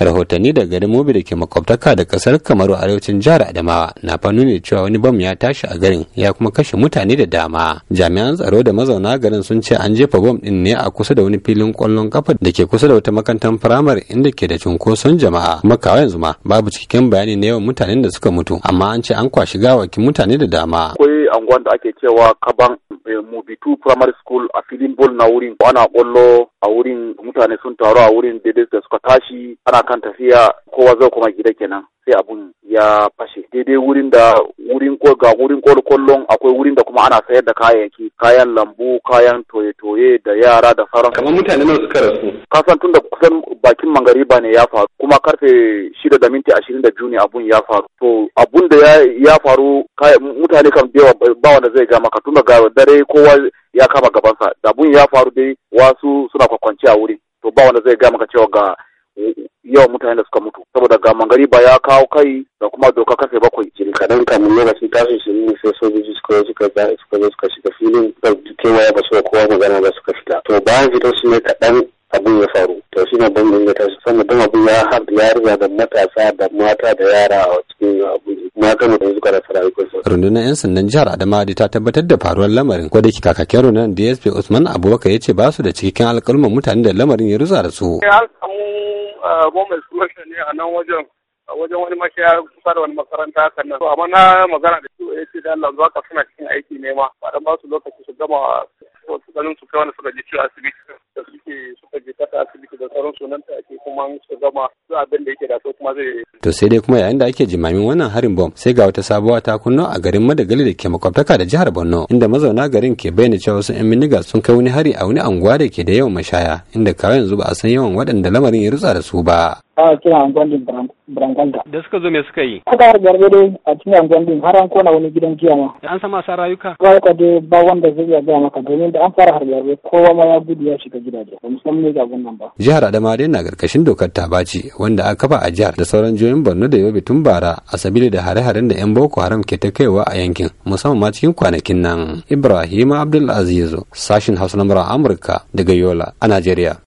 rahotanni daga garin mobi da ke makwabtaka da kasar kamaru arewacin jihar adamawa na fa nuna cewa wani bam ya tashi a garin ya kuma kashe mutane da dama jami'an tsaro da mazauna garin sun ce an jefa bam din ne a kusa da wani filin kwallon kafa da ke kusa da wata makantan firamare inda ke da cunkoson jama'a kuma kawai yanzu ma babu cikakken bayani na yawan mutanen da suka mutu amma an ce an kwashi gawaki mutane da dama anguwan da ake cewa kaban eh, mubitu primary school a filin bol na wurin ana kwallo a wurin mutane sun taru a wurin daidai da suka tashi ana kan tafiya kowa zai kuma gida kenan sai abun ya fashe daidai wurin da wurin ga wurin kwallon akwai wurin da kuma ana sayar da kayayyaki kayan lambu kayan toye-toye da yara da sauran kamar mutane ne suka rasu kasan tun da kusan bakin mangariba ne ya faru kuma karfe shida da minti ashirin da juni abun ya faru to abun da ya faru mutane kan biyawa ba wanda zai ga maka tun ga dare kowa ya kama gabansa da abun ya faru dai wasu suna kwakwance a wurin to ba wanda zai ga maka cewa ga yawan mutane da suka mutu saboda ga mangari ba ya kawo kai da kuma doka kafe bakwai jiri kadan kamin lokacin tashi shi ne sai sojoji suka zo suka za suka zo suka shiga filin da kewaye ba su kowa magana ba suka fita to bayan fitar su ne kaɗan abin ya faru to shi ne ban ya tashi sama don abin ya har ya riga da matasa da mata da yara a cikin abin ma kama da suka rasa rayuwarsu rundunar yan sandan jihar adamawa ta tabbatar da faruwar lamarin ko da ke kakakken rundunar dsp usman abubakar ya ce ba su da cikakken alƙalman mutane da lamarin ya rusa da su mai explosion ne a nan wajen wajen wani makiya kusa da wani makaranta hakan nan. To amma na magana da su ya eh, ce da Allah zuwa suna cikin aiki ne ma ba dan ba su lokaci su gama su ganin su kai wani suka je ciwo asibiti da suke suka je kasa asibiti da sauran sunan ta ake kuma su gama so abin da yake da so kuma zai to sai dai kuma yayin da ake jimamin wannan harin bom sai ga wata sabuwa ta kunno a garin Madagali da ke makwabtaka da jihar Borno inda mazauna garin ke bayyana cewa wasu yan miniga sun kai wani hari a wani anguwa da ke da yawan mashaya inda kawai yanzu ba a san yawan waɗanda lamarin ya rutsa da su ba a kina anguwan din Brangalda. Da suka zo me suka yi? Suka har garbe dai a cikin anguwan din har an kona wani gidan jiya ma. An sama sa rayuka? Rayuka dai ba wanda zai iya gaya maka domin da an fara har garbe kowa ma ya gudu ya shiga gidaje. Ba mu san ga nan ba. Jihar Adamawa dai na karkashin dokar ta baci wanda aka ba a jihar da sauran jihohin borno da yobe tun bara a sabili da hare-haren da 'yan boko haram ke ta kaiwa a yankin musamman ma cikin kwanakin nan ibrahim abdulaziz sashin hausa na amurka daga yola a najeriya